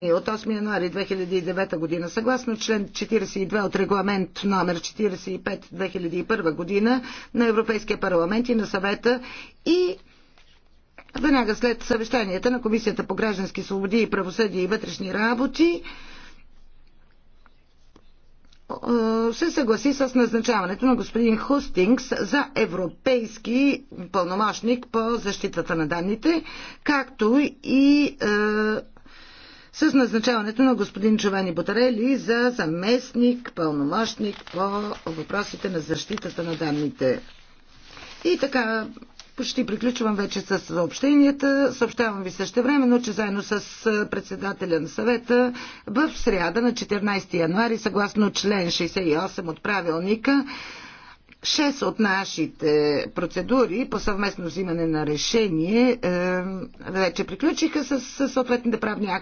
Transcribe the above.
Е, от 8 януари 2009 година, съгласно член 42 от регламент номер 45-2001 година на Европейския парламент и на съвета и веднага след съвещанията на Комисията по граждански свободи и правосъдие и вътрешни работи е, се съгласи с назначаването на господин Хустингс за европейски пълномощник по защитата на данните, както и е, с назначаването на господин Човани Ботарели за заместник, пълномощник по въпросите на защитата на данните. И така, почти приключвам вече с съобщенията. Съобщавам ви също времено, че заедно с председателя на съвета в сряда на 14 януари, съгласно член 68 от правилника, Шест от нашите процедури по съвместно взимане на решение е, вече приключиха с съответните правни акции.